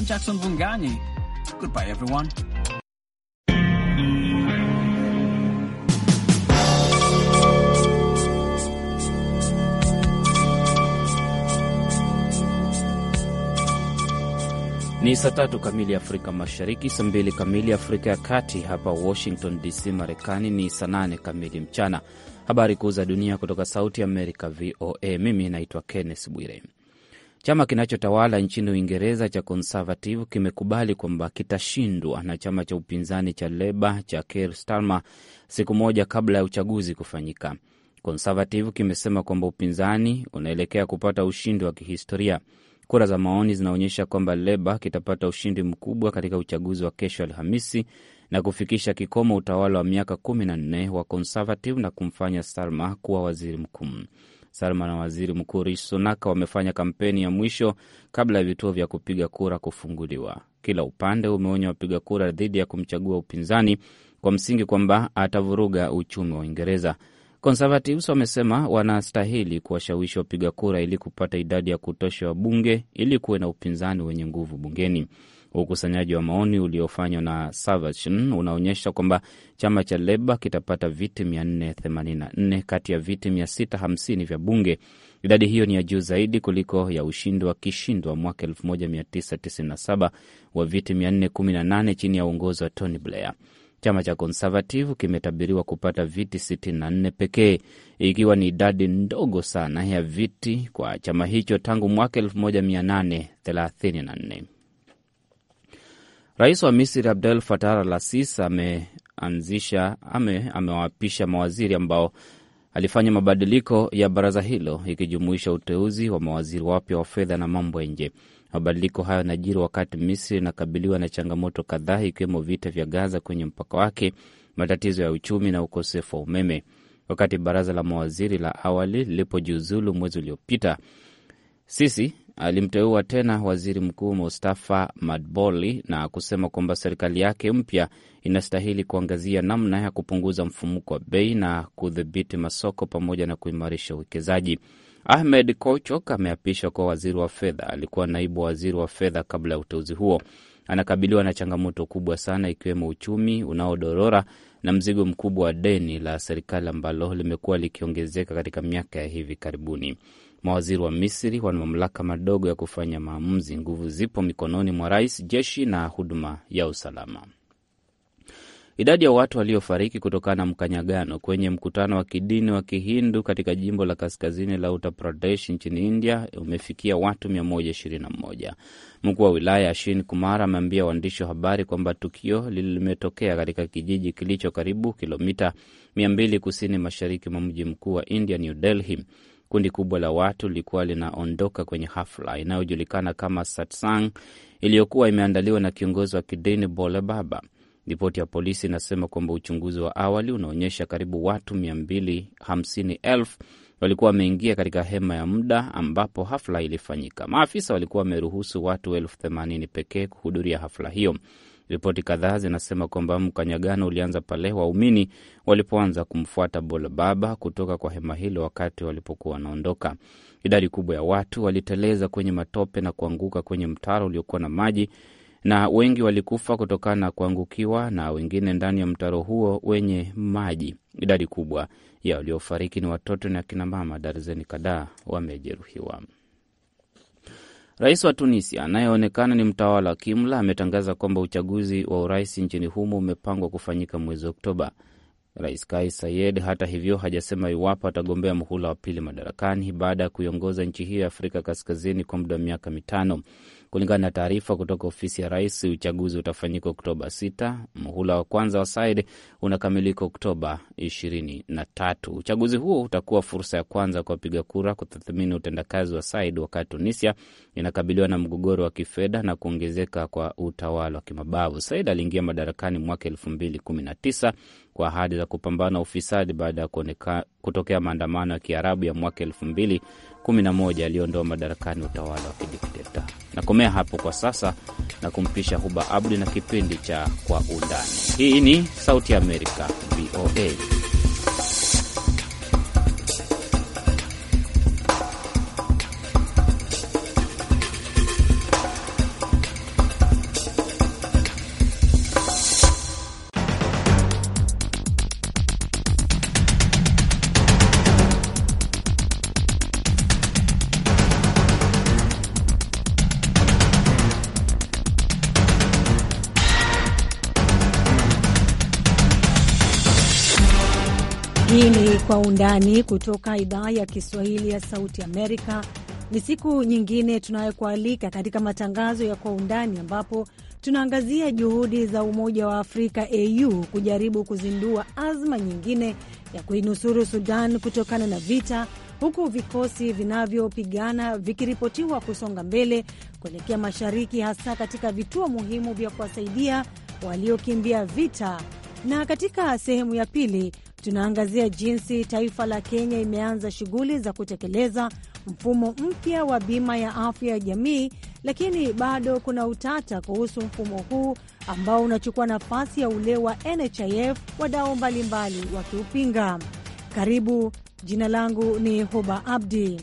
I'm Jackson Bungani. Goodbye, everyone. Ni saa tatu kamili Afrika Mashariki, saa mbili kamili Afrika ya Kati. Hapa Washington DC, Marekani ni saa nane kamili mchana. Habari kuu za dunia kutoka Sauti ya Amerika, VOA. Mimi naitwa Kenneth Bwire. Chama kinachotawala nchini Uingereza cha Conservative kimekubali kwamba kitashindwa na chama cha upinzani cha Leba cha Keir Starmer siku moja kabla ya uchaguzi kufanyika. Conservative kimesema kwamba upinzani unaelekea kupata ushindi wa kihistoria. Kura za maoni zinaonyesha kwamba Leba kitapata ushindi mkubwa katika uchaguzi wa kesho Alhamisi na kufikisha kikomo utawala wa miaka kumi nne wa Conservative na kumfanya Starmer kuwa waziri mkuu. Salma na waziri mkuu Rishi Sunak wamefanya kampeni ya mwisho kabla ya vituo vya kupiga kura kufunguliwa. Kila upande umeonya wapiga kura dhidi ya kumchagua upinzani kwa msingi kwamba atavuruga uchumi wa Uingereza. Conservatives wamesema wanastahili kuwashawishi wapiga kura ili kupata idadi ya kutosha wa bunge ili kuwe na upinzani wenye nguvu bungeni. Ukusanyaji wa maoni uliofanywa na Savation unaonyesha kwamba chama cha Leba kitapata viti 484 kati ya viti 650 vya bunge. Idadi hiyo ni ya juu zaidi kuliko ya ushindi wa kishindo wa mwaka 1997 wa viti 418 chini ya uongozi wa Tony Blair. Chama cha Conservative kimetabiriwa kupata viti 64 pekee, ikiwa ni idadi ndogo sana ya viti kwa chama hicho tangu mwaka 1834. Rais wa Misri Abdel Fattah al-Sisi ameanzisha ame, amewaapisha mawaziri ambao alifanya mabadiliko ya baraza hilo ikijumuisha uteuzi wa mawaziri wapya wa fedha na mambo ya nje. Mabadiliko hayo yanajiri wakati Misri inakabiliwa na changamoto kadhaa ikiwemo vita vya Gaza kwenye mpaka wake, matatizo ya uchumi na ukosefu wa umeme. Wakati baraza la mawaziri la awali lilipojiuzulu mwezi uliopita, Sisi alimteua tena waziri mkuu Mustafa Madboli na kusema kwamba serikali yake mpya inastahili kuangazia namna ya kupunguza mfumuko wa bei na kudhibiti masoko pamoja na kuimarisha uwekezaji. Ahmed Kochok ameapishwa kuwa waziri wa fedha. Alikuwa naibu waziri wa fedha kabla ya uteuzi huo. Anakabiliwa na changamoto kubwa sana, ikiwemo uchumi unaodorora na mzigo mkubwa wa deni la serikali ambalo limekuwa likiongezeka katika miaka ya hivi karibuni. Mawaziri wa Misri wana mamlaka madogo ya kufanya maamuzi. Nguvu zipo mikononi mwa rais, jeshi na huduma ya usalama. Idadi ya watu waliofariki kutokana na mkanyagano kwenye mkutano wa kidini wa Kihindu katika jimbo la kaskazini la Uttar Pradesh nchini India umefikia watu 121. Mkuu wa wilaya Ashin Kumar ameambia waandishi wa habari kwamba tukio limetokea katika kijiji kilicho karibu kilomita 200 kusini mashariki mwa mji mkuu wa India, New Delhi. Kundi kubwa la watu lilikuwa linaondoka kwenye hafla inayojulikana kama satsang iliyokuwa imeandaliwa na kiongozi wa kidini Bole Baba. Ripoti ya polisi inasema kwamba uchunguzi wa awali unaonyesha karibu watu 250,000 walikuwa wameingia katika hema ya muda ambapo hafla ilifanyika. Maafisa walikuwa wameruhusu watu elfu pekee kuhudhuria hafla hiyo. Ripoti kadhaa zinasema kwamba mkanyagano ulianza pale waumini walipoanza kumfuata bolababa kutoka kwa hema hilo wakati walipokuwa wanaondoka. Idadi kubwa ya watu waliteleza kwenye matope na kuanguka kwenye mtaro uliokuwa na maji, na wengi walikufa kutokana na kuangukiwa na wengine ndani ya mtaro huo wenye maji. Idadi kubwa ya waliofariki ni watoto na akinamama. Darzeni kadhaa wamejeruhiwa. Rais wa Tunisia anayeonekana ni mtawala wa kimla ametangaza kwamba uchaguzi wa urais nchini humo umepangwa kufanyika mwezi Oktoba. Rais Kais Sayed hata hivyo hajasema iwapo atagombea muhula wa pili madarakani baada ya kuiongoza nchi hiyo ya Afrika Kaskazini kwa muda wa miaka mitano. Kulingana na taarifa kutoka ofisi ya rais, uchaguzi utafanyika Oktoba 6. Muhula wa kwanza wa Said unakamilika Oktoba 23. Uchaguzi huo utakuwa fursa ya kwanza kwa wapiga kura kutathmini utendakazi wa Said wakati Tunisia inakabiliwa na mgogoro wa kifedha na kuongezeka kwa utawala wa kimabavu. Said aliingia madarakani mwaka 2019 kwa ahadi za kupambana ufisadi baada ya kutokea maandamano ya Kiarabu ya mwaka 2011 aliyoondoa madarakani utawala wa kidikteta. Tunakomea hapo kwa sasa na kumpisha Huba Abdi na kipindi cha Kwa Undani. Hii ni Sauti ya Amerika, VOA. undani kutoka idhaa ya Kiswahili ya Sauti Amerika. Ni siku nyingine tunayokualika katika matangazo ya Kwa Undani, ambapo tunaangazia juhudi za Umoja wa Afrika au kujaribu kuzindua azma nyingine ya kuinusuru Sudan kutokana na vita, huku vikosi vinavyopigana vikiripotiwa kusonga mbele kuelekea mashariki, hasa katika vituo muhimu vya kuwasaidia waliokimbia vita. Na katika sehemu ya pili Tunaangazia jinsi taifa la Kenya imeanza shughuli za kutekeleza mfumo mpya wa bima ya afya ya jamii, lakini bado kuna utata kuhusu mfumo huu ambao unachukua nafasi ya ule wa NHIF, wadau mbalimbali wakiupinga. Karibu, jina langu ni huba Abdi.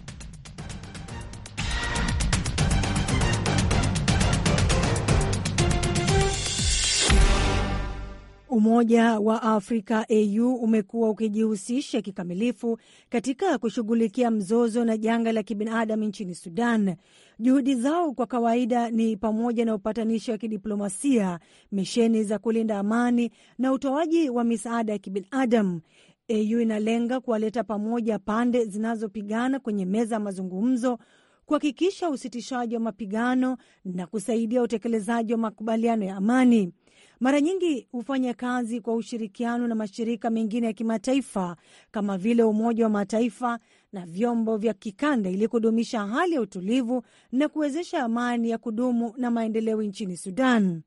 Umoja wa Afrika AU umekuwa ukijihusisha kikamilifu katika kushughulikia mzozo na janga la kibinadamu nchini Sudan. Juhudi zao kwa kawaida ni pamoja na upatanishi wa kidiplomasia, misheni za kulinda amani na utoaji wa misaada ya kibinadamu. AU inalenga kuwaleta pamoja pande zinazopigana kwenye meza ya mazungumzo kuhakikisha usitishaji wa mapigano na kusaidia utekelezaji wa makubaliano ya amani mara nyingi hufanya kazi kwa ushirikiano na mashirika mengine ya kimataifa kama vile Umoja wa Mataifa na vyombo vya kikanda ili kudumisha hali ya utulivu na kuwezesha amani ya kudumu na maendeleo nchini Sudan.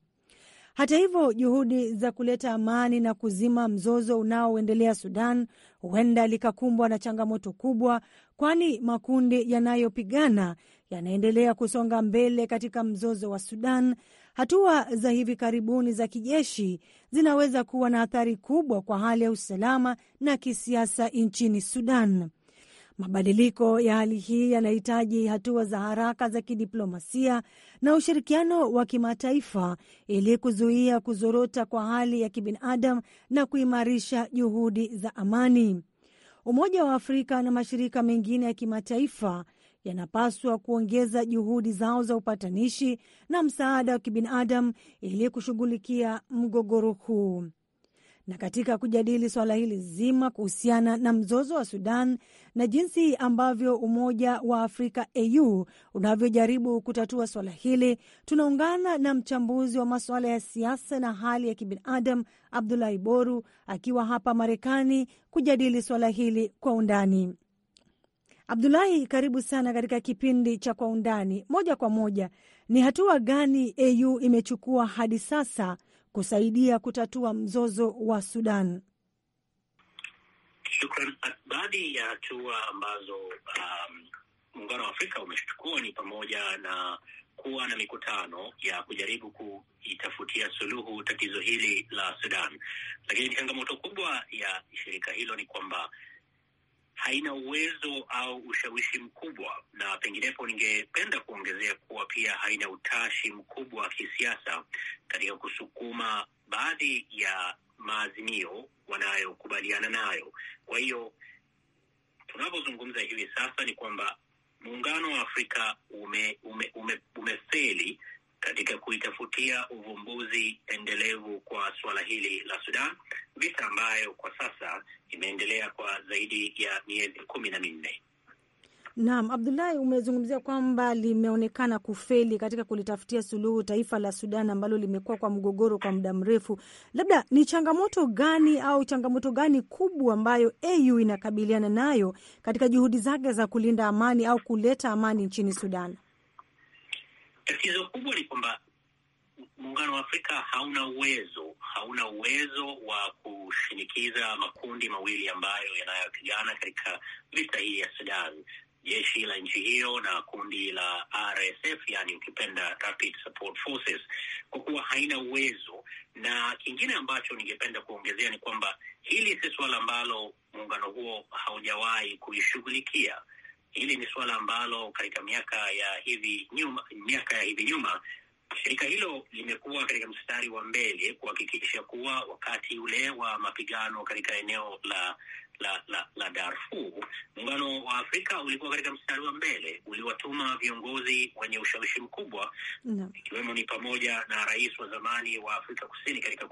Hata hivyo, juhudi za kuleta amani na kuzima mzozo unaoendelea Sudan huenda likakumbwa na changamoto kubwa, kwani makundi yanayopigana yanaendelea kusonga mbele katika mzozo wa Sudan, Hatua za hivi karibuni za kijeshi zinaweza kuwa na athari kubwa kwa hali ya usalama na kisiasa nchini Sudan. Mabadiliko ya hali hii yanahitaji hatua za haraka za kidiplomasia na ushirikiano wa kimataifa ili kuzuia kuzorota kwa hali ya kibinadamu na kuimarisha juhudi za amani. Umoja wa Afrika na mashirika mengine ya kimataifa yanapaswa kuongeza juhudi zao za upatanishi na msaada wa kibinadamu ili kushughulikia mgogoro huu. Na katika kujadili swala hili zima kuhusiana na mzozo wa Sudan na jinsi ambavyo Umoja wa Afrika AU unavyojaribu kutatua swala hili, tunaungana na mchambuzi wa masuala ya siasa na hali ya kibinadamu Abdulahi Boru akiwa hapa Marekani kujadili swala hili kwa undani. Abdulahi, karibu sana katika kipindi cha Kwa Undani. Moja kwa moja, ni hatua gani AU imechukua hadi sasa kusaidia kutatua mzozo wa Sudan? Shukran. Baadhi ya hatua ambazo um, muungano um, wa Afrika umechukua ni pamoja na kuwa na mikutano ya kujaribu kuitafutia suluhu tatizo hili la Sudan, lakini changamoto kubwa ya shirika hilo ni kwamba haina uwezo au ushawishi mkubwa, na penginepo ningependa kuongezea kuwa pia haina utashi mkubwa wa kisiasa katika kusukuma baadhi ya maazimio wanayokubaliana nayo. Kwa hiyo tunavyozungumza hivi sasa ni kwamba muungano wa Afrika ume, ume, ume, umefeli katika kuitafutia uvumbuzi endelevu kwa suala hili la Sudan, visa ambayo kwa sasa imeendelea kwa zaidi ya miezi kumi na minne. Naam, Abdullahi, umezungumzia kwamba limeonekana kufeli katika kulitafutia suluhu taifa la Sudan ambalo limekuwa kwa mgogoro kwa muda mrefu. Labda ni changamoto gani au changamoto gani kubwa ambayo AU inakabiliana nayo katika juhudi zake za kulinda amani au kuleta amani nchini Sudan? Tatizo kubwa ni kwamba muungano wa Afrika hauna uwezo, hauna uwezo wa kushinikiza makundi mawili ambayo yanayopigana katika vita hii ya Sudan, jeshi la nchi hiyo na kundi la RSF, yani ukipenda Rapid Support Forces, kwa kuwa haina uwezo. Na kingine ambacho ningependa kuongezea ni kwamba hili si suala ambalo muungano huo haujawahi kuishughulikia. Hili ni suala ambalo katika miaka ya hivi nyuma, miaka ya hivi nyuma shirika hilo limekuwa katika mstari wa mbele kuhakikisha kuwa wakati ule wa mapigano katika eneo la la la, la Darfur, muungano wa Afrika ulikuwa katika mstari wa mbele, uliwatuma viongozi wenye ushawishi mkubwa no. ikiwemo ni pamoja na rais wa zamani wa Afrika Kusini katika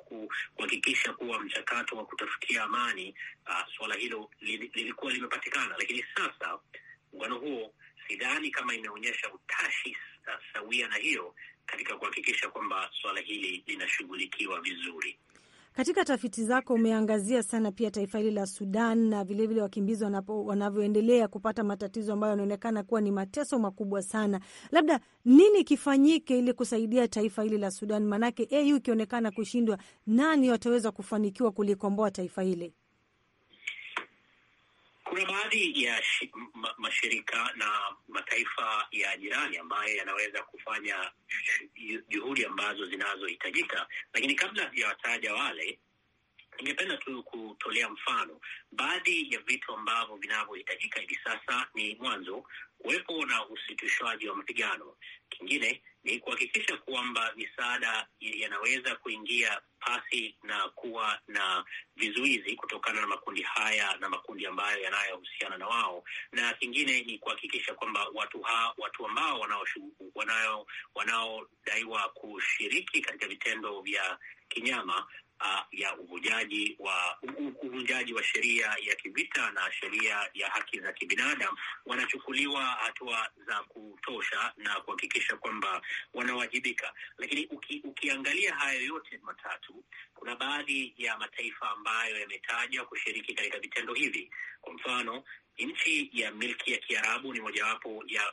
kuhakikisha kuwa mchakato wa kutafutia amani uh, suala hilo lilikuwa limepatikana, lakini sasa muungano huo sidhani kama imeonyesha utashi sawia na hiyo katika kuhakikisha kwamba suala hili linashughulikiwa vizuri. Katika tafiti zako umeangazia sana pia taifa hili la Sudan na vilevile wakimbizi wanavyoendelea kupata matatizo ambayo yanaonekana kuwa ni mateso makubwa sana. Labda nini kifanyike ili kusaidia taifa hili la Sudan? Maanake au ikionekana kushindwa, nani wataweza kufanikiwa kulikomboa taifa hili? kuna baadhi ya shi, ma, mashirika na mataifa ya jirani ambayo yanaweza kufanya juhudi ambazo zinazohitajika, lakini kabla sijawataja wale, ningependa tu kutolea mfano baadhi ya vitu ambavyo vinavyohitajika hivi sasa. Ni mwanzo kuwepo na usitishwaji wa mapigano, kingine ni kuhakikisha kwamba misaada yanaweza kuingia pasi na kuwa na vizuizi kutokana na makundi haya na makundi ambayo yanayohusiana na wao, na kingine ni kuhakikisha kwamba watu ha, watu ambao wanaodaiwa wanao kushiriki katika vitendo vya kinyama uh, ya uvunjaji wa uvunjaji wa sheria ya kivita na sheria ya haki za kibinadamu, wanachukuliwa hatua za kutosha na kuhakikisha kwamba wanawajibika. Lakini uki, ukiangalia hayo yote matatu, kuna baadhi ya mataifa ambayo yametajwa kushiriki katika vitendo hivi. Kwa mfano nchi ya milki ya Kiarabu ni mojawapo ya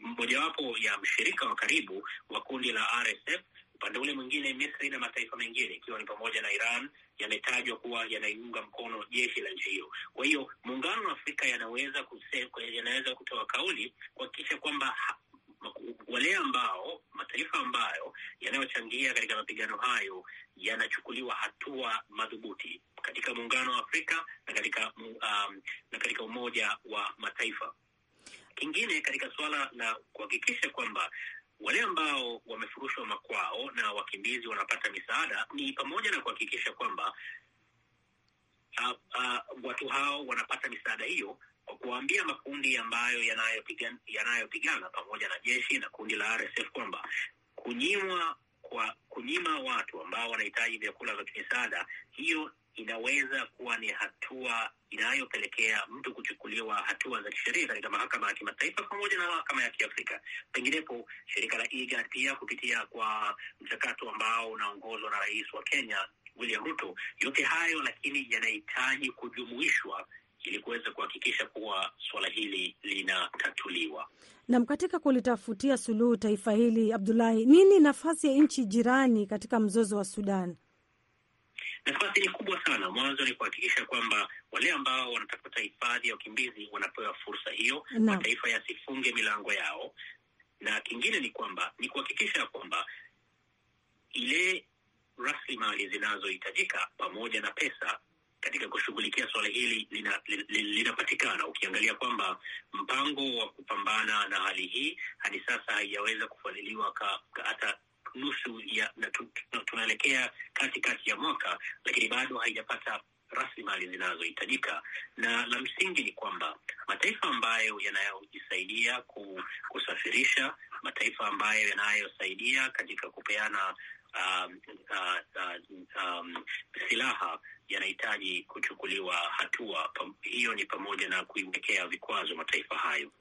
mojawapo ya mshirika wa karibu wa kundi la RSF Upande ule mwingine, Misri na mataifa mengine ikiwa ni pamoja na Iran yametajwa kuwa yanaiunga mkono jeshi la nchi hiyo. Kwa hiyo muungano wa Afrika yanaweza yanaweza kutoa kauli kuhakikisha kwamba wale ambao mataifa ambayo yanayochangia katika mapigano hayo yanachukuliwa hatua madhubuti katika muungano wa Afrika na katika um, na katika Umoja wa Mataifa. Kingine katika suala la kuhakikisha kwamba wale ambao wamefurushwa makwao na wakimbizi wanapata misaada ni pamoja na kuhakikisha kwamba uh, uh, watu hao wanapata misaada hiyo kwa kuwaambia makundi ambayo yanayopigana yanayo pamoja na jeshi na kundi la RSF kwamba kunyimwa kwa kunyima watu ambao wanahitaji vyakula vya kimisaada hiyo inaweza kuwa ni hatua inayopelekea mtu kuchukuliwa hatua za kisheria katika mahakama ya kimataifa pamoja na mahakama ya Kiafrika. Penginepo shirika la IGAD e pia kupitia kwa mchakato ambao unaongozwa na rais wa Kenya William Ruto. Yote hayo lakini yanahitaji kujumuishwa ili kuweza kuhakikisha kuwa suala hili linatatuliwa. Nam, katika kulitafutia suluhu taifa hili, Abdulahi, nini nafasi ya nchi jirani katika mzozo wa Sudan? Nafasi ni kubwa sana. Mwanzo ni kuhakikisha kwamba wale ambao wanatafuta hifadhi ya wakimbizi wanapewa fursa hiyo, mataifa yasifunge milango yao, na kingine ni kwamba ni kuhakikisha kwamba ile rasilimali zinazohitajika pamoja na pesa katika kushughulikia suala hili linapatikana. Lina, lina ukiangalia kwamba mpango wa kupambana na hali hii hadi sasa haijaweza kufadhiliwa hata nusu ya tunaelekea kati kati ya mwaka, lakini bado haijapata rasilimali zinazohitajika. Na la msingi ni kwamba mataifa ambayo yanayojisaidia kusafirisha, mataifa ambayo yanayosaidia katika kupeana um, uh, uh um, silaha yanahitaji kuchukuliwa hatua. Hiyo ni pamoja na kuiwekea vikwazo mataifa hayo.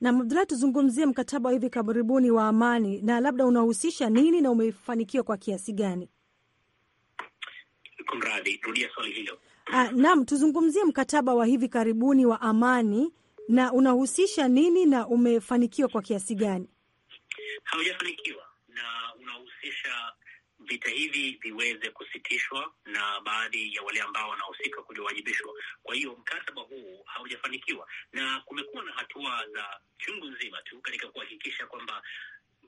Na Abdullah, tuzungumzie mkataba wa hivi karibuni wa amani, na labda unahusisha nini na umefanikiwa kwa kiasi gani? Kumradhi, rudia swali hilo. Ah, naam, tuzungumzie mkataba wa hivi karibuni wa amani na unahusisha nini na umefanikiwa kwa kiasi gani? Haujafanikiwa na unahusisha vita hivi viweze kusitishwa na baadhi ya wale ambao wanahusika kuliwajibishwa. Kwa hiyo mkataba huu haujafanikiwa, na kumekuwa na hatua za chungu nzima tu katika kuhakikisha kwamba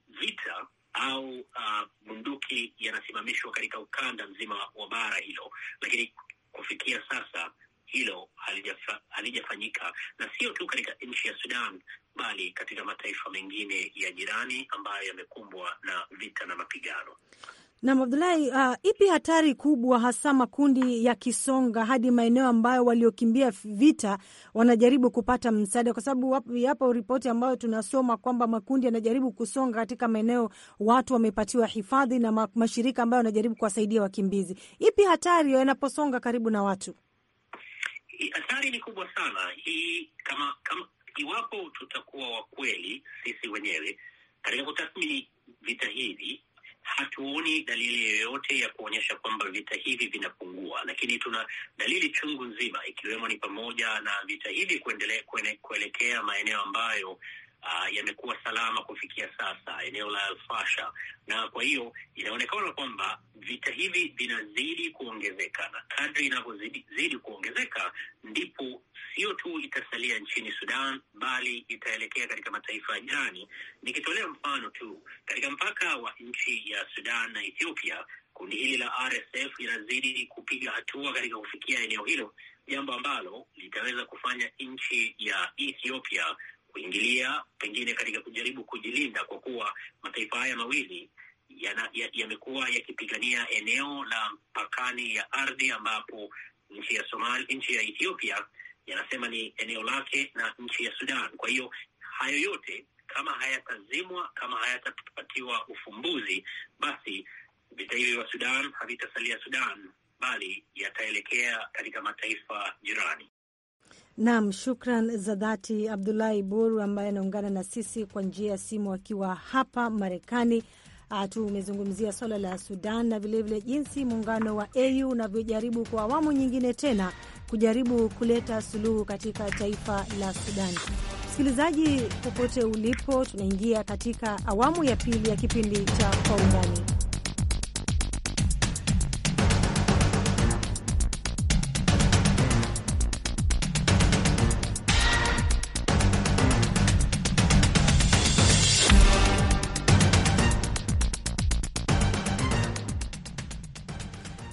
vita au uh, bunduki yanasimamishwa katika ukanda mzima wa bara hilo, lakini kufikia sasa hilo halijafa, halijafanyika na sio tu katika nchi ya Sudan bali katika mataifa mengine ya jirani ambayo yamekumbwa na vita na mapigano. Nam Abdulahi, uh, ipi hatari kubwa hasa makundi yakisonga hadi maeneo ambayo waliokimbia vita wanajaribu kupata msaada? Kwa sababu yapo ripoti ambayo tunasoma kwamba makundi yanajaribu kusonga katika maeneo watu wamepatiwa hifadhi na mashirika ambayo wanajaribu kuwasaidia wakimbizi. Ipi hatari yanaposonga karibu na watu? Hatari ni kubwa sana hii, kama, kama iwapo tutakuwa wakweli sisi wenyewe katika kutathmini vita hivi hatuoni dalili yoyote ya kuonyesha kwamba vita hivi vinapungua, lakini tuna dalili chungu nzima, ikiwemo ni pamoja na vita hivi kuendelea kuelekea maeneo ambayo Ah, yamekuwa salama kufikia sasa eneo la Alfasha, na kwa hiyo inaonekana kwamba vita hivi vinazidi kuongezeka, na kadri inavyozidi kuongezeka ndipo sio tu itasalia nchini Sudan, bali itaelekea katika mataifa ya jirani. Nikitolea mfano tu, katika mpaka wa nchi ya Sudan na Ethiopia, kundi hili la RSF linazidi kupiga hatua katika kufikia eneo hilo, jambo ambalo litaweza kufanya nchi ya Ethiopia kuingilia pengine katika kujaribu kujilinda, kwa kuwa mataifa haya mawili yamekuwa ya, ya yakipigania eneo la mpakani ya ardhi ambapo nchi ya Somali, nchi ya Ethiopia yanasema ni eneo lake na nchi ya Sudan. Kwa hiyo hayo yote kama hayatazimwa, kama hayatapatiwa ufumbuzi, basi vita hivi vya Sudan havitasalia Sudan, bali yataelekea katika mataifa jirani. Nam, shukran za dhati Abdulahi Boru ambaye anaungana na sisi kwa njia ya simu akiwa hapa Marekani. Ah, tumezungumzia swala la Sudan na vilevile jinsi muungano wa AU unavyojaribu kwa awamu nyingine tena kujaribu kuleta suluhu katika taifa la Sudan. Msikilizaji popote ulipo, tunaingia katika awamu ya pili ya kipindi cha Kwa Undani.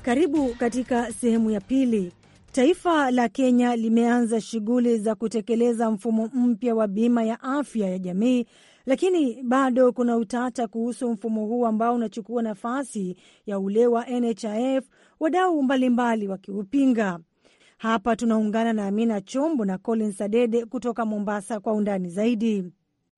Karibu katika sehemu ya pili. Taifa la Kenya limeanza shughuli za kutekeleza mfumo mpya wa bima ya afya ya jamii, lakini bado kuna utata kuhusu mfumo huu ambao unachukua nafasi ya ule wa NHIF, wadau mbalimbali wakiupinga. Hapa tunaungana na Amina Chombo na Colin Sadede kutoka Mombasa kwa undani zaidi.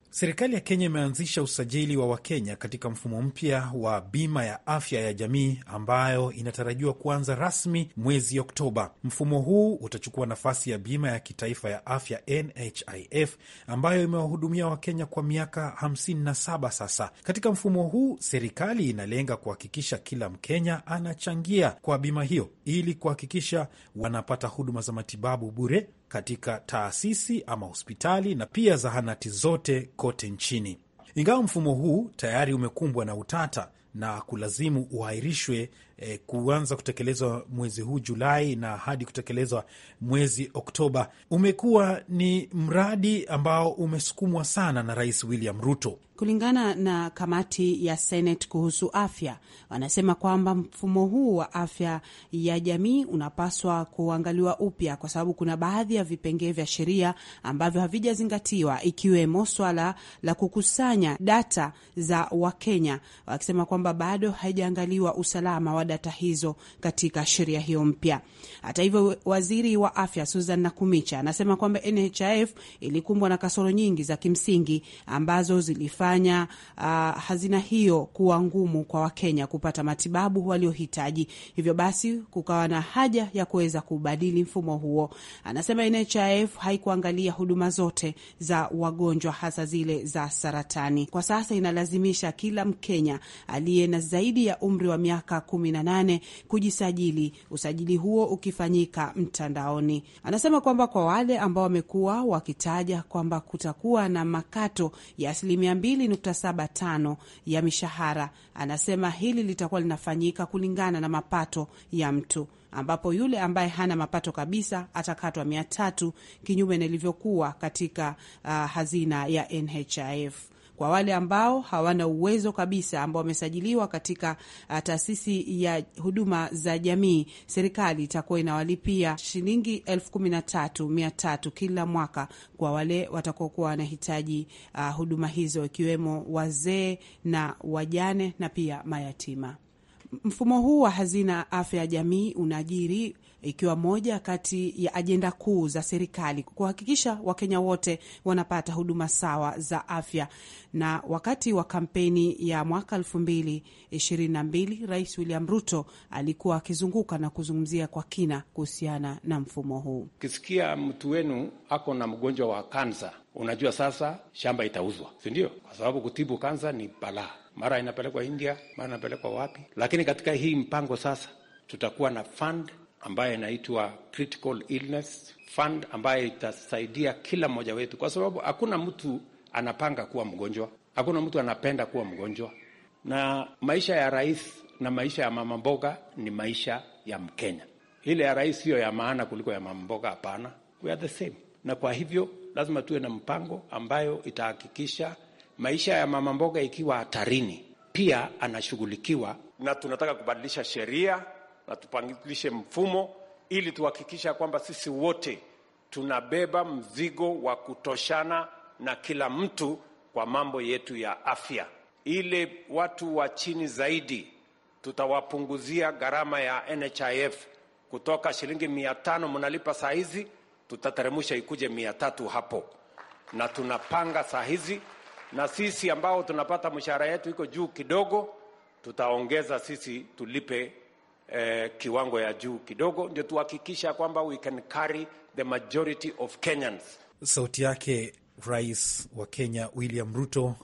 Serikali ya Kenya imeanzisha usajili wa Wakenya katika mfumo mpya wa bima ya afya ya jamii ambayo inatarajiwa kuanza rasmi mwezi Oktoba. Mfumo huu utachukua nafasi ya bima ya kitaifa ya afya NHIF ambayo imewahudumia Wakenya kwa miaka 57 sasa. Katika mfumo huu, serikali inalenga kuhakikisha kila Mkenya anachangia kwa bima hiyo ili kuhakikisha wanapata huduma za matibabu bure katika taasisi ama hospitali na pia zahanati zote kote nchini. Ingawa mfumo huu tayari umekumbwa na utata na kulazimu uhairishwe eh, kuanza kutekelezwa mwezi huu Julai na hadi kutekelezwa mwezi Oktoba, umekuwa ni mradi ambao umesukumwa sana na Rais William Ruto. Kulingana na kamati ya senet kuhusu afya, wanasema kwamba mfumo huu wa afya ya jamii unapaswa kuangaliwa upya, kwa sababu kuna baadhi ya vipengee vya sheria ambavyo havijazingatiwa, ikiwemo swala la kukusanya data za Wakenya, wakisema kwamba bado haijaangaliwa usalama wa data hizo katika sheria hiyo mpya. Hata hivyo, waziri wa afya Susan Nakumicha anasema kwamba NHIF ilikumbwa na kasoro nyingi za kimsingi ambazo zilifaa kufanya uh, hazina hiyo kuwa ngumu kwa Wakenya kupata matibabu waliohitaji. Hivyo basi kukawa na haja ya kuweza kubadili mfumo huo. Anasema NHIF haikuangalia huduma zote za wagonjwa, hasa zile za saratani. Kwa sasa inalazimisha kila Mkenya aliye na zaidi ya umri wa miaka kumi na nane kujisajili, usajili huo ukifanyika mtandaoni. Anasema kwamba kwa wale ambao wamekuwa wakitaja kwamba kutakuwa na makato ya asilimia mbili 2.75 ya mishahara. Anasema hili litakuwa linafanyika kulingana na mapato ya mtu ambapo yule ambaye hana mapato kabisa atakatwa mia tatu kinyume na ilivyokuwa katika uh, hazina ya NHIF kwa wale ambao hawana uwezo kabisa, ambao wamesajiliwa katika uh, taasisi ya huduma za jamii, serikali itakuwa inawalipia shilingi elfu kumi na tatu mia tatu kila mwaka kwa wale watakaokuwa wanahitaji uh, huduma hizo ikiwemo wazee na wajane na pia mayatima. Mfumo huu wa hazina afya ya jamii unaajiri ikiwa moja kati ya ajenda kuu za serikali kuhakikisha Wakenya wote wanapata huduma sawa za afya. Na wakati wa kampeni ya mwaka elfu mbili ishirini na mbili, Rais William Ruto alikuwa akizunguka na kuzungumzia kwa kina kuhusiana na mfumo huu. Ukisikia mtu wenu ako na mgonjwa wa kansa, unajua sasa shamba itauzwa, si ndio? Kwa sababu kutibu kansa ni balaa, mara inapelekwa India, mara inapelekwa wapi. Lakini katika hii mpango sasa tutakuwa na fund ambayo inaitwa Critical Illness Fund ambayo itasaidia kila mmoja wetu, kwa sababu hakuna mtu anapanga kuwa mgonjwa, hakuna mtu anapenda kuwa mgonjwa. Na maisha ya rais na maisha ya mama mboga ni maisha ya Mkenya. Ile ya rais hiyo ya maana kuliko ya mama mboga? Hapana, we are the same. Na kwa hivyo lazima tuwe na mpango ambayo itahakikisha maisha ya mama mboga ikiwa hatarini, pia anashughulikiwa, na tunataka kubadilisha sheria na tupangilishe mfumo ili tuhakikisha kwamba sisi wote tunabeba mzigo wa kutoshana na kila mtu kwa mambo yetu ya afya. Ile watu wa chini zaidi tutawapunguzia gharama ya NHIF kutoka shilingi mia tano mnalipa saa hizi, tutateremusha ikuje mia tatu hapo, na tunapanga saa hizi. Na sisi ambao tunapata mshahara yetu iko juu kidogo, tutaongeza sisi tulipe eh, kiwango ya juu kidogo, ndio tuhakikisha kwamba we can carry the majority of Kenyans. Sauti yake Rais wa Kenya William Ruto.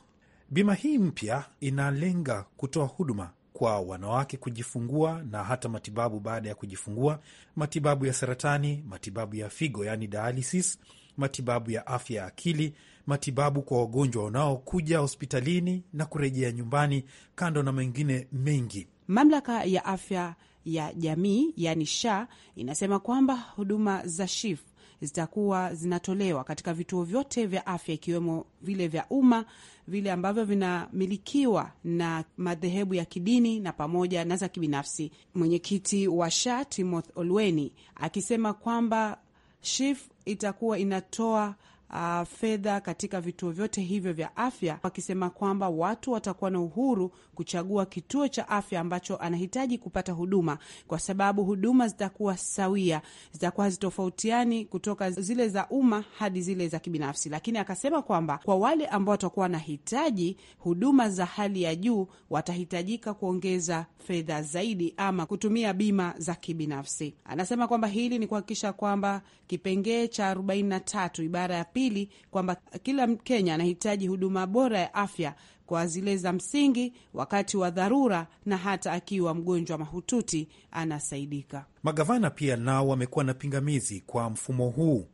Bima hii mpya inalenga kutoa huduma kwa wanawake kujifungua na hata matibabu baada ya kujifungua, matibabu ya saratani, matibabu ya figo yaani dialysis, matibabu ya afya ya akili, matibabu kwa wagonjwa wanaokuja hospitalini na kurejea nyumbani, kando na mengine mengi. Mamlaka ya afya ya jamii yani SHA inasema kwamba huduma za SHIF zitakuwa zinatolewa katika vituo vyote vya afya ikiwemo vile vya umma, vile ambavyo vinamilikiwa na madhehebu ya kidini na pamoja na za kibinafsi. Mwenyekiti wa SHA Timothy Olweni akisema kwamba SHIF itakuwa inatoa uh, fedha katika vituo vyote hivyo vya afya, wakisema kwamba watu watakuwa na uhuru kuchagua kituo cha afya ambacho anahitaji kupata huduma, kwa sababu huduma zitakuwa sawia, zitakuwa hazitofautiani kutoka zile za umma hadi zile za kibinafsi. Lakini akasema kwamba kwa wale ambao watakuwa wanahitaji huduma za hali ya juu watahitajika kuongeza fedha zaidi ama kutumia bima za kibinafsi. Anasema kwamba hili ni kuhakikisha kwamba kipengee cha 43 ibara ya pili hili kwamba kila Mkenya anahitaji huduma bora ya afya kwa zile za msingi wakati wa dharura na hata akiwa mgonjwa mahututi anasaidika. Magavana pia nao wamekuwa na pingamizi kwa mfumo huu,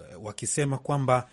eh, wakisema kwamba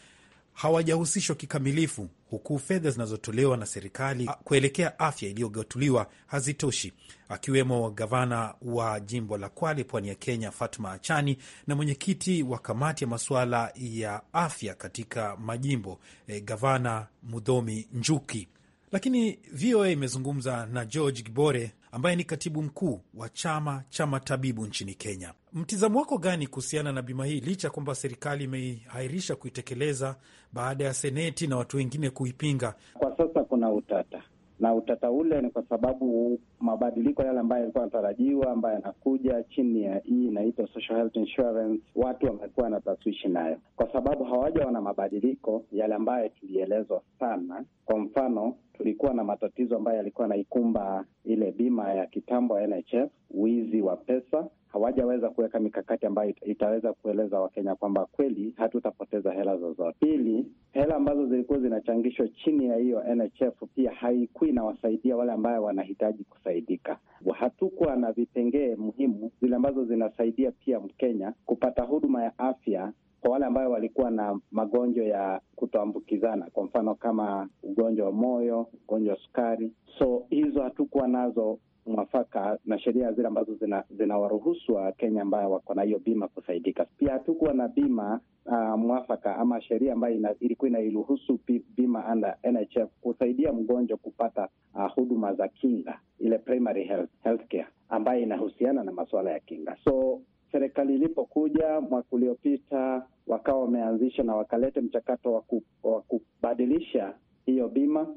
hawajahusishwa kikamilifu huku fedha zinazotolewa na serikali kuelekea afya iliyogatuliwa hazitoshi, akiwemo gavana wa jimbo la Kwale, pwani ya Kenya, Fatma Achani na mwenyekiti wa kamati ya masuala ya afya katika majimbo eh, gavana Mudhomi Njuki. Lakini VOA imezungumza na George Gibore ambaye ni katibu mkuu wa chama cha matabibu nchini Kenya. Mtizamo wako gani kuhusiana na bima hii, licha ya kwamba serikali imeiahirisha kuitekeleza baada ya seneti na watu wengine kuipinga? Kwa sasa kuna utata, na utata ule ni kwa sababu mabadiliko yale ambayo yalikuwa yanatarajiwa ambayo yanakuja chini ya hii inaitwa social health insurance, watu wamekuwa na taswishi nayo kwa sababu hawajaona mabadiliko yale ambayo tulielezwa sana. Kwa mfano, tulikuwa na matatizo ambayo yalikuwa yanaikumba ile bima ya kitambo ya NHF, wizi wa pesa hawajaweza kuweka mikakati ambayo itaweza kueleza Wakenya kwamba kweli hatutapoteza hela zozote. Pili, hela ambazo zilikuwa zinachangishwa chini ya hiyo NHF pia haikuwa inawasaidia wale ambayo wanahitaji kusaidika. Hatukuwa na vipengee muhimu zile ambazo zinasaidia pia Mkenya kupata huduma ya afya kwa wale ambayo walikuwa na magonjwa ya kutoambukizana, kwa mfano kama ugonjwa wa moyo, ugonjwa wa sukari. So hizo hatukuwa nazo mwafaka na sheria zile ambazo zinawaruhusu zina Wakenya ambayo wako na hiyo bima kusaidika. Pia hatukuwa na bima uh, mwafaka ama sheria ambayo ilikuwa inairuhusu bima under NHF kusaidia mgonjwa kupata uh, huduma za kinga, ile primary health, healthcare ambayo inahusiana na masuala ya kinga. So serikali ilipokuja mwaka uliopita wakawa wameanzisha na wakalete mchakato wa kubadilisha hiyo bima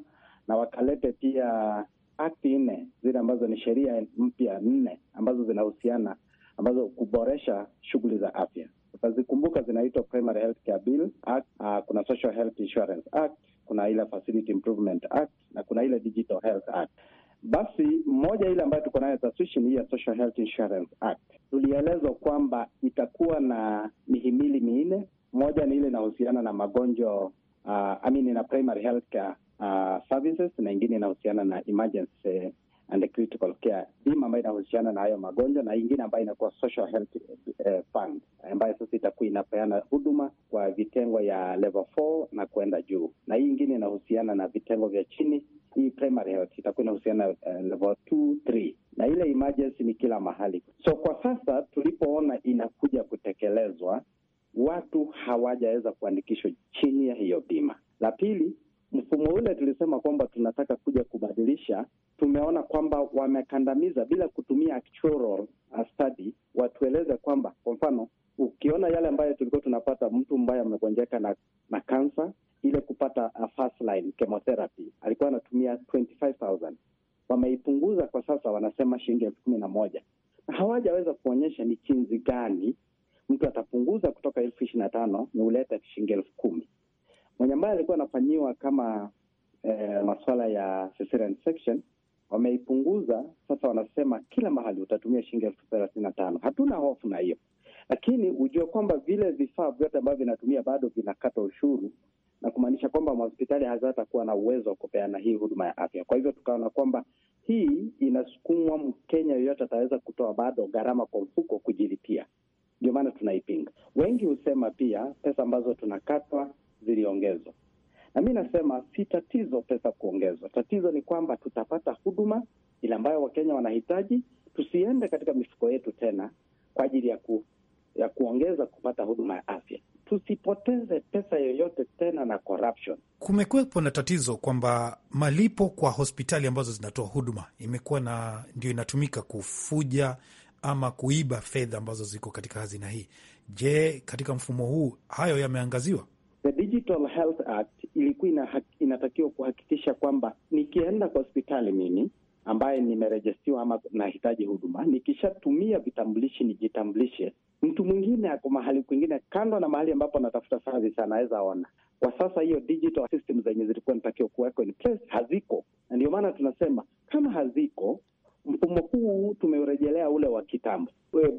na wakalete pia akti nne zile ambazo ni sheria mpya nne ambazo zinahusiana ambazo kuboresha shughuli za afya. Utazikumbuka zinaitwa Primary Health Care Bill Act, uh, kuna Social Health Insurance Act, kuna ile Facility Improvement Act na kuna ile Digital Health Act. Basi moja ile ambayo tuko nayo taswishi ni hii ya Social Health Insurance Act. Tulielezwa kwamba itakuwa na mihimili minne. Moja ni ile inahusiana na magonjwa uh, I mean, na primary Uh, services na ingine inahusiana na emergency and critical care, bima ambayo inahusiana na hayo magonjwa, na ingine ambayo inakuwa social health eh, fund ambayo sasa itakuwa inapeana huduma kwa vitengo ya level 4 na kwenda juu, na hii ingine inahusiana na vitengo vya chini. Hii primary health itakuwa inahusiana uh, level 2 3 na ile emergency ni kila mahali. So kwa sasa tulipoona inakuja kutekelezwa, watu hawajaweza kuandikishwa chini ya hiyo bima. La pili mfumo ule tulisema kwamba tunataka kuja kubadilisha, tumeona kwamba wamekandamiza bila kutumia actual uh, study, watueleze kwamba kwa mfano ukiona yale ambayo tulikuwa tunapata mtu ambaye amegonjeka na na kansa ile kupata a uh, first line chemotherapy alikuwa anatumia 25,000 wameipunguza kwa sasa, wanasema shilingi elfu kumi na moja na hawajaweza kuonyesha ni chinzi gani mtu atapunguza kutoka elfu ishiri na tano ni ulete shilingi elfu kumi Mwenye alikuwa anafanyiwa kama eh, masuala ya cesarean section wameipunguza sasa, wanasema kila mahali utatumia shilingi elfu thelathini na tano. Hatuna hofu na hiyo, lakini ujue kwamba vile vifaa vyote ambavyo vinatumia bado vinakata ushuru na kumaanisha kwamba mahospitali hazatakuwa na uwezo wa kupeana hii huduma ya afya. Kwa hivyo tukaona kwamba hii inasukumwa, Mkenya yoyote ataweza kutoa bado gharama kwa mfuko kujilipia. Ndio maana tunaipinga. Wengi husema pia pesa ambazo tunakatwa ziliongezwa. Na mi nasema si tatizo pesa kuongezwa, tatizo ni kwamba tutapata huduma ile ambayo Wakenya wanahitaji. Tusiende katika mifuko yetu tena kwa ajili ya, ku, ya kuongeza kupata huduma ya afya. Tusipoteze pesa yoyote tena na corruption. Kumekuwepo na tatizo kwamba malipo kwa hospitali ambazo zinatoa huduma imekuwa na ndio inatumika kufuja ama kuiba fedha ambazo ziko katika hazina hii. Je, katika mfumo huu hayo yameangaziwa? The Digital Health Act ilikuwa inatakiwa kuhakikisha kwamba nikienda kwa hospitali mimi ambaye nimerejestiwa ama nahitaji huduma, nikishatumia vitambulishi nijitambulishe. Mtu mwingine ako mahali kwingine kando na mahali ambapo anatafuta service anaweza ona. Kwa sasa hiyo digital system zenye zilikuwa natakiwa kuwekwa in place haziko, na ndio maana tunasema kama haziko, mfumo huu tumeurejelea ule wa kitambo.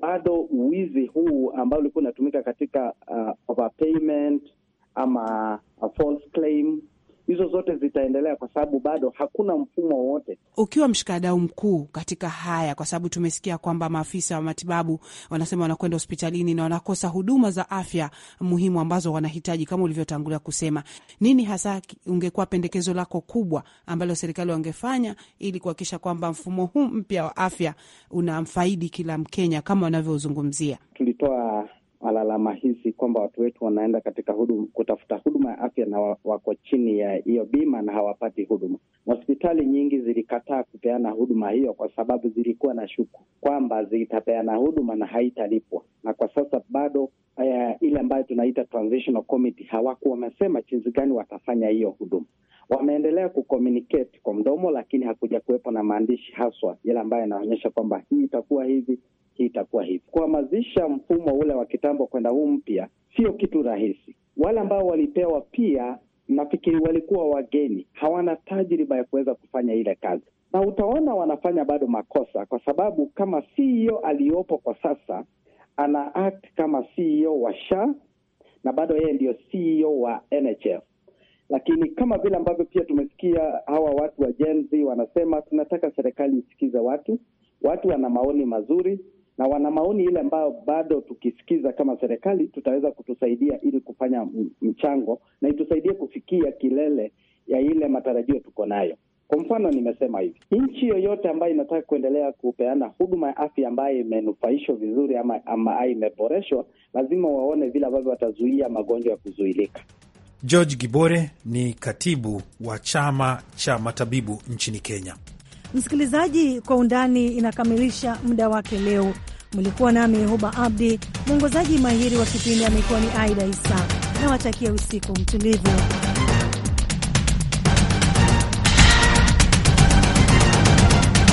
Bado uwizi huu ambao ulikuwa unatumika katika uh, overpayment ama a false claim. Hizo zote zitaendelea kwa sababu bado hakuna mfumo wowote. Ukiwa mshikadau mkuu katika haya, kwa sababu tumesikia kwamba maafisa wa matibabu wanasema wanakwenda hospitalini na wanakosa huduma za afya muhimu ambazo wanahitaji, kama ulivyotangulia kusema, nini hasa ungekuwa pendekezo lako kubwa ambalo serikali wangefanya ili kuhakikisha kwamba mfumo huu mpya wa afya unamfaidi kila Mkenya kama wanavyozungumzia? Tulitoa alalama hizi kwamba watu wetu wanaenda katika hudum, kutafuta huduma ya afya na wako chini ya hiyo bima na hawapati huduma. Hospitali nyingi zilikataa kupeana huduma hiyo kwa sababu zilikuwa na shuku kwamba zitapeana huduma na haitalipwa, na kwa sasa bado eh, ile ambayo tunaita transitional committee wamesema jinsi gani watafanya hiyo huduma wameendelea kucommunicate kwa mdomo, lakini hakuja kuwepo na maandishi haswa yale ambayo yanaonyesha kwamba hii itakuwa hivi, itakuwa hivi. Kuhamazisha mfumo ule wa kitambo kwenda huu mpya sio kitu rahisi. Wale ambao walipewa pia nafikiri walikuwa wageni, hawana tajriba ya kuweza kufanya ile kazi, na utaona wanafanya bado makosa, kwa sababu kama CEO aliyopo kwa sasa ana act kama CEO wa SHA na bado yeye ndiyo CEO wa NHF, lakini kama vile ambavyo pia tumesikia hawa watu wa Gen Z wanasema, tunataka serikali isikize watu, watu wana maoni mazuri na wana maoni ile ambayo bado tukisikiza kama serikali tutaweza kutusaidia ili kufanya mchango na itusaidie kufikia kilele ya ile matarajio tuko nayo. Kwa mfano, nimesema hivi, nchi yoyote ambayo inataka kuendelea kupeana huduma ya afya ambayo imenufaishwa vizuri ama, ama imeboreshwa, lazima waone vile ambavyo watazuia magonjwa ya kuzuilika. George Gibore ni katibu wa chama cha matabibu nchini Kenya. Msikilizaji, kwa undani inakamilisha muda wake leo. Mlikuwa nami Huba Abdi, mwongozaji mahiri wa kipindi amekuwa ni Aida Isa, nawatakia usiku mtulivu.